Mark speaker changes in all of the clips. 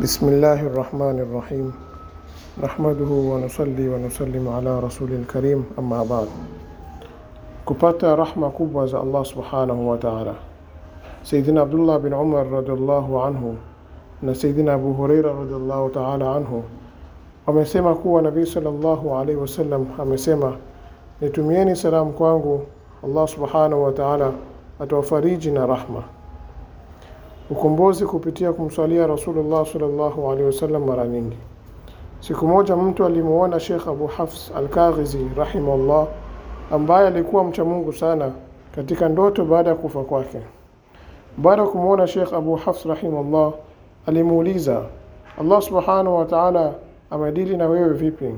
Speaker 1: بسم الله الرحمن الرحيم نحمده ونصلي ونسلم على رسول الكريم أما بعد كبات رحمة كبوة الله سبحانه وتعالى سيدنا عبد الله بن عمر رضي الله عنه نا سيدنا أبو هريرة رضي الله تعالى عنه أمسيما كوا نبي صلى الله عليه وسلم أمسيما نتمياني سلام كوانغو الله سبحانه وتعالى أتوفريجنا رحمه ukombozi kupitia kumswalia Rasulullah sallallahu alaihi wasallam mara nyingi. Siku moja mtu alimuona Sheikh Abu Hafs Al-Kaghizi rahimahullah, ambaye alikuwa mcha Mungu sana, katika ndoto baada ya kufa kwake. Baada ya kumuona Sheikh Abu Hafs rahimahullah, alimuuliza Allah subhanahu wa ta'ala amedili na wewe vipi?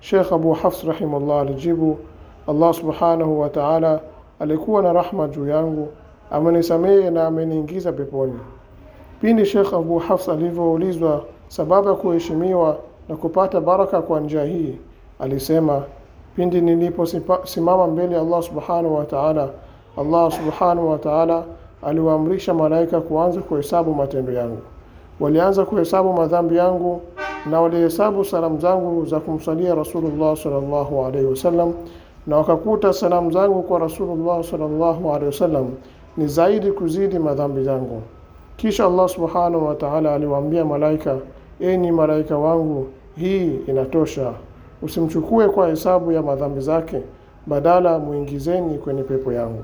Speaker 1: Sheikh Abu Hafs rahimahullah alijibu, Allah subhanahu wa ta'ala alikuwa na rahma juu yangu amenisamehe na ameniingiza peponi. Pindi Sheikh Abu Hafs alivyoulizwa sababu ya kuheshimiwa na kupata baraka kwa njia hii, alisema pindi niliposimama mbele ya Allah subhanahu wa ta'ala, Allah subhanahu wa ta'ala aliwaamrisha malaika kuanza kuhesabu matendo yangu. Walianza kuhesabu madhambi yangu na walihesabu salamu zangu za kumsalia Rasulullah sallallahu alaihi wasallam, na wakakuta salamu zangu kwa Rasulullah sallallahu alaihi wasallam ni zaidi kuzidi madhambi yangu. Kisha Allah subhanahu wa ta'ala aliwaambia malaika, enyi malaika wangu, hii inatosha, usimchukue kwa hesabu ya madhambi zake, badala muingizeni kwenye pepo yangu.